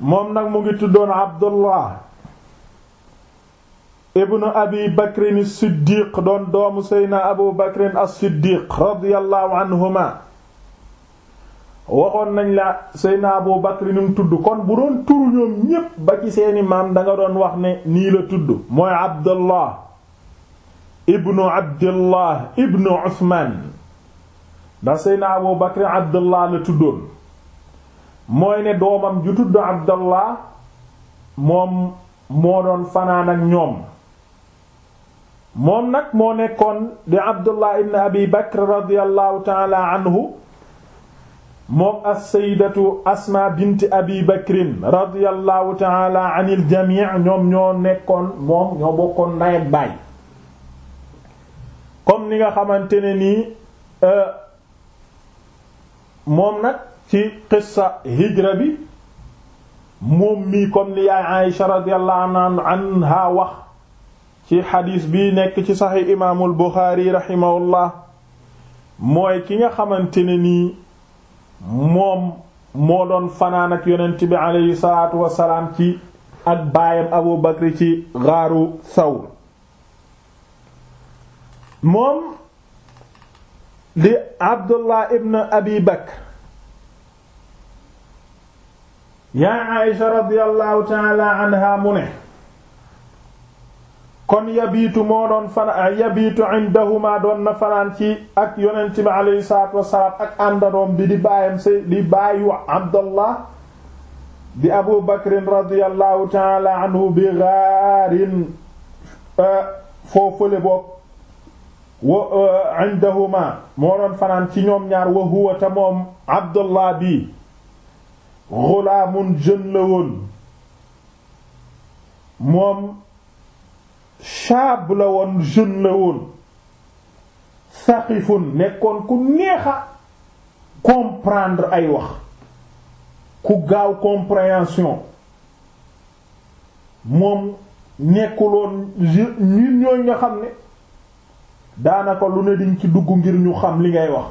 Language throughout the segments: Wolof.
moom nag mu ngi tuddoon abdullah ibnu abi bakrin siddiq doon doomu seyna abu bakrin as-siddiq radiyallahu anhuma waxoon nañ la seyna abu bakrinum tudd kon bu doon turu ñoom ñépp ba ci seeni maam danga doon wax ne nii la tudd mooy abdullah ibnu abdullah ibnu usmaan ndax seyna abu bakrin abdullah la tuddoon mooy ne doomam ju tudd abdallah moom moo doon fanaan ñoom moom nag moo nekkoon di abdullah ibn abi bakr radiallahu taala moom as-sayyidatu bint abi bakrin radiallahu taala anil jamii ñoom ñoo nekkoon moom ñoo bokkoon ndey baay comme ni nga xamante ne nii euh, moom nag ci qissa hijra bi moom mii comme ni yaay Aïsha radiyallahu anha wax ci xadiis bi nekk ci saxi imaamul Buxaari rahimahullah mooy ki nga xamante ne nii moom moo doon fanaan ak yonent bi aleyhi salaatu wasalaam ci ak baayam Abu Bakr ci gaaru Sawr moom di Abdullah ibn Abi Bakr yaa Aïsha radiyallahu taala anha mu ne kon yabiitu moo doon fana yabiitu indahuma doon na fanaan ci ak yonent bi aleyhi salaatu wasalaam ak àndadoom bi di baayam say di baayu Abdallah di Abu Bakrin radiyallahu taala anhu bi gaarin euh, foofule boog wa euh, indahuma moo doon fanaan ci ñoom ñaar wa huwa ta moom Abdallah bi xulaamun jeune la woon moom shaab la woon jeune la woon saqifun nekkoon ku neex comprendre ay wax ku gaaw compréhension moom nekkuloon ñun ñooñ nga xam ne daanaka lu ne diñ ci dugg ngir ñu xam li ngay wax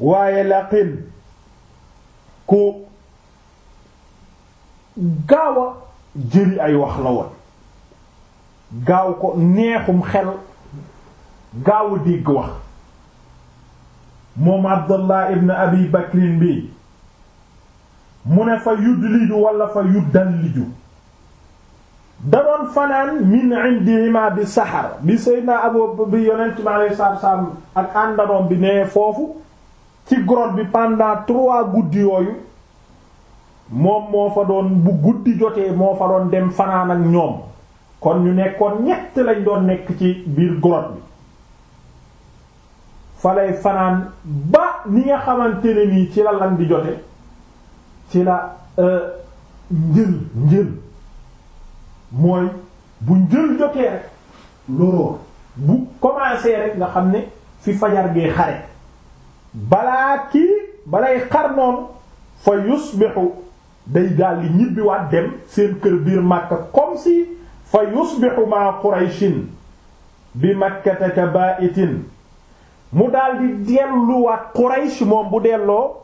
waaye laqin ku gaaw jëri ay wax la woon gaaw ko neexum xel gaaw a dégg wax moom Abdallah ibn Abi Bakrin bi mu ne fa yudliju wala fa yuddalliju da doon fanaan min indihima bi saxar bi Seydina Abu bi yonent bi alayhi salaatu salaam ak àndaroom bi nee foofu ci grotte bi pendant trois guddi yooyu moom moo fa doon bu guddi jotee moo fa doon dem fanaan ak ñoom kon ñu nekkoon ñett lañ doon nekk ci biir grotte bi fa lay fanaan ba ni nga xamante ne ci la lan di jote ci la euh, njël njël mooy bu njël jotee rek loroor bu commencé rek nga xam ne fi fajar gee xare balaa kii balay xar noonu fa yusbixu day daldi ñibbiwaat dem seen kër biir Makka comme si fa yusbixu maa Qurayshin bi Makkata ka baa'itin mu daldi delluwaat Quraysh moom bu delloo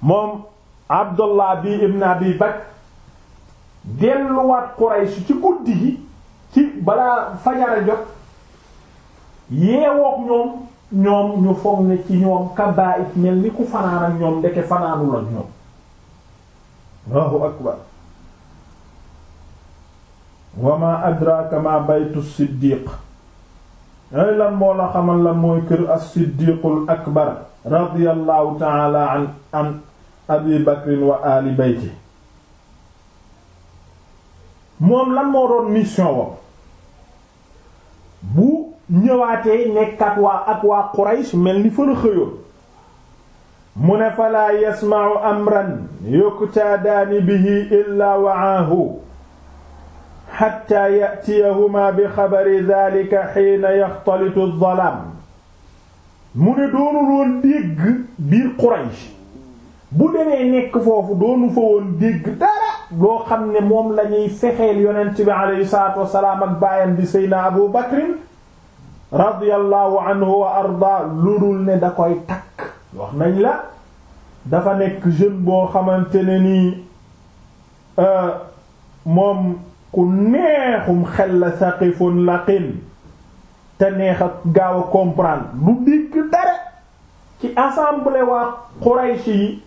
moom Abdullah bi ibn Abi Bakr delluwaat Quraysh ci guddi gi ci balaa fajara jot yeewook ñoom ñoom ñu foog ne ci ñoom kabaa'ir mel ni ku fanaan ñoom ndeke fanaanu la ñoom Allahu akbar wa ma adraka ma baytu siddiq ay lan moo la xamal la mooy kër as-siddiqul akbar radiyallahu ta'ala abi bakrin wa ali bayti moom lan moo doon mission wam bu ñëwaatee nekkat waa ak waa Quraysh mel ni fëra xëyoon mu ne falaa yasma'u amran yuqtaadaani bihi illaa wa'aahu xatta ya'tiyahumaa bi xabari daalika xiina yaxtalitu ad-dalaam mu ne doonu loon biir Quraysh bu demee nekk foofu doonu fa woon dara loo xam ne moom lañuy fexeel yonent bi alayhi salaatu wassalaam ak baayam bi Seydina Abu Bakrin radiyallahu anhu wa arda lu dul ne da koy takk wax nañ la dafa nekk jeune boo xamante ne nii euh, moom ku neexum xel la saqifun laqin te neex gaaw a comprendre lu dikk dara ci assemblée waa Quraysh yi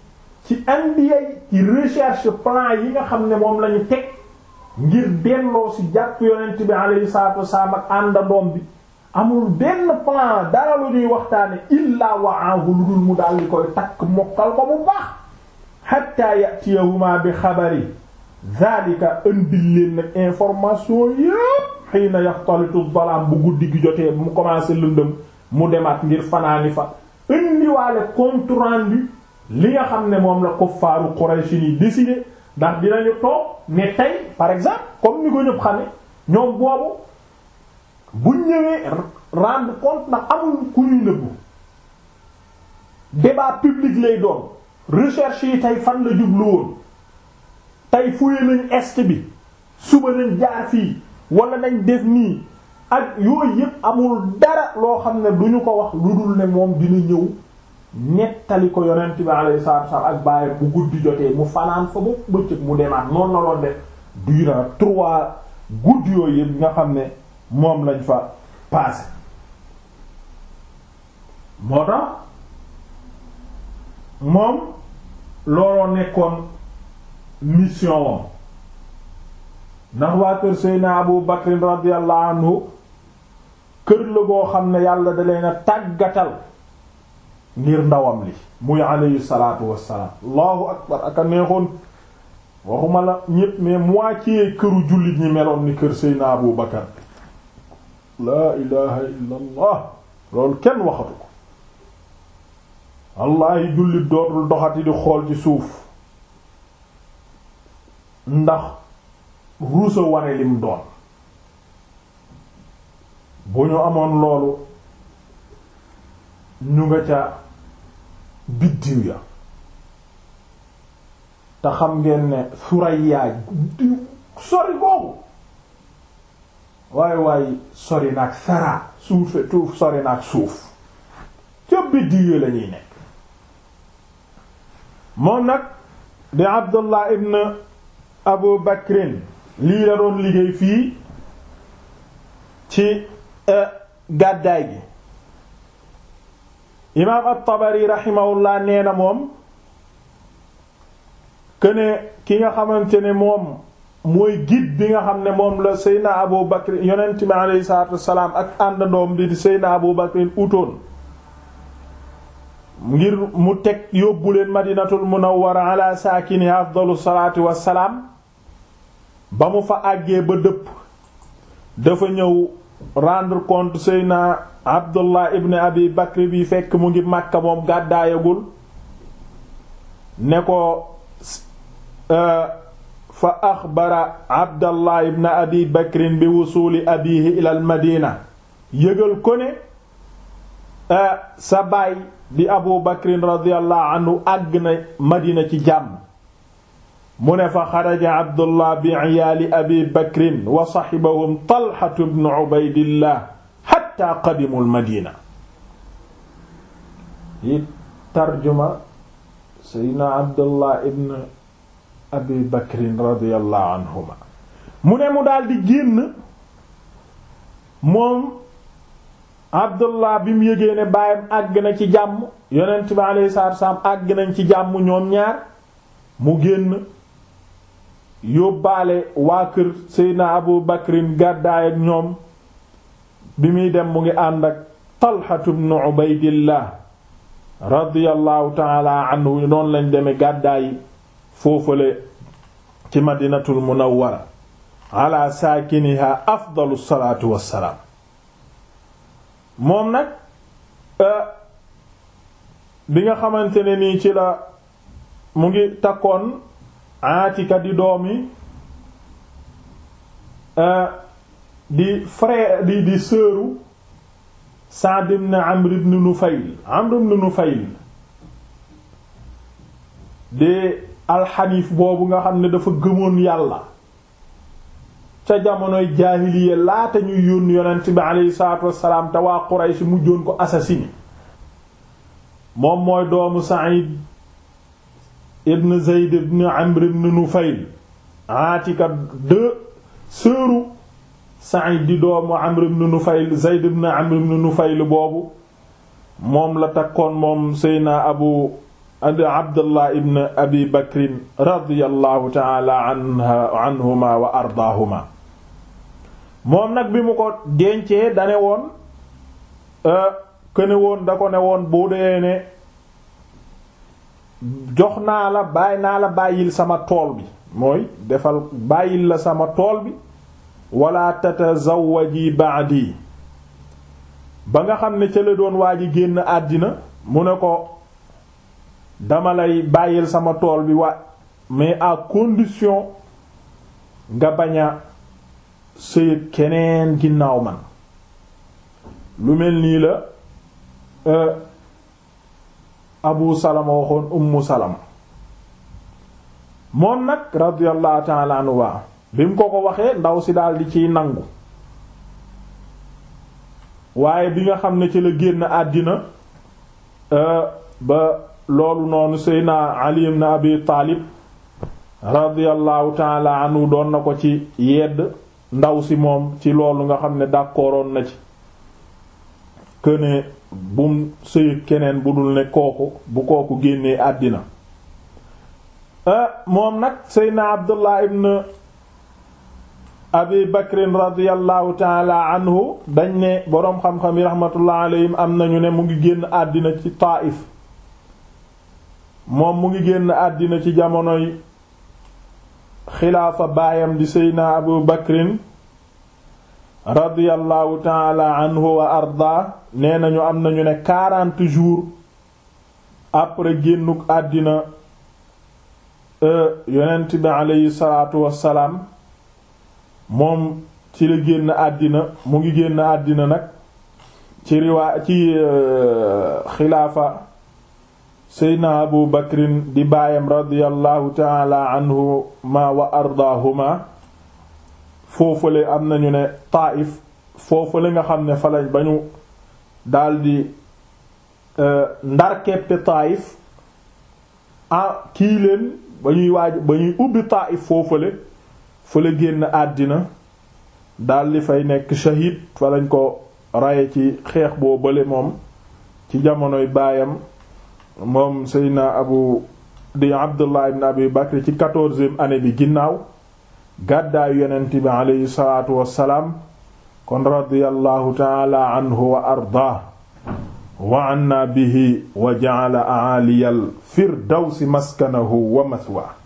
ci andiyay ci recherche plan yi nga xam ne moom lañu teg ngir delloo ci jàpp yonent bi alayhi salaatu wassalaam ak àndandoom bi amul benn plan dara lu ñuy waxtaane illaa wa'ahu lu dul mu daal di koy takk mokkal ko bu baax hatta ya'tiyahuma bi xabari zalika indil leen nag information yépp xiina yaxtalitu dalam bu guddi gi jotee mu commencé lëndëm mu demaat ngir fanaani fa indiwaale compte li nga xam ne moom la kuffaaru Quraysh yi décidé ndax dinañu toog ne tey par exemple comme ni ko ñëpp xame ñoom boobu buñ ñëwee rendre compte na amul ku ñuy nëbbu débat public lay doon recherche yi tey fan la jublu woon tey fuye nañ est bi suba nañ jaar fii wala nañ def nii ak yooyu yëpp amul dara loo xam ne du ñu ko wax lu dul ne moom dina ñëw nettali ko yonent bi alayhi salaatu wasallam ak bàyyi bu guddi jotee mu fanaan fa ba bëccëg mu demaat noonu la doon def durant trois guddi yooyu yëpp nga xam ne moom lañ fa passé moo tax moom looloo nekkoon mission wam ndax waa kër Seydina Abu Bakr radiyallahu anhu kër la boo xam ne yàlla da leen a tàggatal ngir ndawam li muy alayhi salaatu wassalaam allahu akbar aka neexoon waxuma la ñépp mais moitié këru jullit ñi meloon ni kër Seydina Abu Bakr laa ilaha illa loolu kenn waxatu ko wallaahi jullit dootul doxati di xool ci suuf ndax ruusa wane lim bu ñu amoon loolu ñu nga ca biddiw ya te xam ngeen ne surayyaa guddi sori boobu waay waay sori naag sara suufe tuuf sori naag suuf ca biddiw la ñuy nekk moom nag di Abdullah ibn Abu Bakrin lii la liggéey fii ci eh, gàddaay gi imaam at-Tabari nee na moom këne ki nga xamante ne moom mooy guide bi nga xam ne moom la Seyna Abu Bakr yonent bi aleyhi salaatu wassalaam ak àndandoom bi di Seyna Abu Bakr utoon ngir mu teg yóbbu leen madinatul munawwara ala saakini afdalu salaatu wassalaam ba mu fa àggee ba dëpp dafa ñëw rend compte Seyna Abdullah ibn Abi Bakr bi fekk mu ngi màkka moom gàddaayagul ne ko euh, fa axbara abdallah ibn abi bakrin bi wusuuli abihi ila al madina yëgal ko ne sa baay di abu bakrin radiallahu anhu àgg na madina ci jàmm mu ne fa xaraja abdullah bi iyaali abi bakrin wa saxibahum talxatu bnu ubaydillah xatta qadimu al madina yi tarjuma seydna abdullah ibn abi mu ne mu daldi génn moom abdullah bi mu yëgee ne baayam àgg na ci jàmm yonent bi alayhi salaatu salaam àgg nañ ci jàmm ñoom ñaar mu génn yóbbaale waa kër seydna abu bakrin gàddaay ñoom bi muy dem mu ngi ànd ak talxatu bnu ubaydillah radiyallahu taala anhu noonu lañ deme gàddaay foofale ci madinatul munawwara ala saakiniha afdalu salaatu wassalaam moom nag euh, bi nga xamante ne nii ci la mu ngi takkoon Atika di doomi euh, di frère di di sœuru Sa'd ibn Amr ibn Nufayl Amr ibn Nufayl de alxaniif boobu nga xam ne dafa gëmoon yàlla ca jamonoy jaahiliya laata ñuy yónni yonent bi aleyhi salaatu wassalaam te waa Quraysh mujjoon ko assassiné moom mooy doomu Sa'id ibn Zayd ibn Amr ibn Nufayl Aatika de sëru Sa'id di boobu moom la takkoon moom Seyna Abu abi abdullah ibn abi bakrin radiyallahu taala anhuma wa ardaahuma moom nag bi mu ko dencee dane woon këne euh, woon ko ne woon boo dee ne jox naa la bàyyi naa la bàyyil sama tool bi mooy defal bàyyil la sama tool bi wala tatazawaji ba'di ba nga xam ne ca doon waa ji génn àddina mu ne ko dama lay bàyyil sama tool bi wa mais à condition nga bañ a sëyët keneen ginnaaw man lu mel nii la euh, abu salama waxoon ummu salama moom nag radiyallahu ta'ala bi mu ko ko waxee ndaw si daal di ciy nangu waaye bi nga xam ne ci la génn àddina euh, ba loolu noonu seydna ali ibn abi taalib radiyallahu na ko ci yedd ndaw si moom ci loolu nga xam ne d'accordoon na ci këne keneen bu dul bu kooku génnee àddina ah, moom nag seydna abdullah ibn abi bakrin radiallahu taala anhu dañ ne boroom xam-xam yi rahmatullah alayhim am nañu ne mu ngi génn àddina ci taaif moom mu ngi génn àddina ci jamonoy xilaafa baayam di seydna abu bakrin radiyallahu taala anhu wa arda nee nañu am nañu ne quarante jours après génnuk àddina euh, yonent bi aleyhi salaatu wassalaam moom ci la génn àddina mu ngi génn àddina nag ci riwaa ci euh, xilaafa seydna abu bakrin di baayam radiallahu taala anhuma wa ardaahuma foofale am nañu ne taaif foofale nga xam ne falañ ba ñu daldi euh, ndar keppe taaif kii leen ba ñuy waaj ba ñuy ubbi taaif foofale fële génn àddina daldi fay nekk shahid falañ ko raye ci xeex boo moom ci jamonoy baayam moom seydna abu di abdullah ibn abi bakr ci quatorzième année bi ginnaaw gàddaayu yonent bi aleyhi salaatu wassalaam kon radiyallahu taala anhu wa ardaa wa anna bihi wa ja'ala a'aliyal firdawsi maskanahu wa mathwa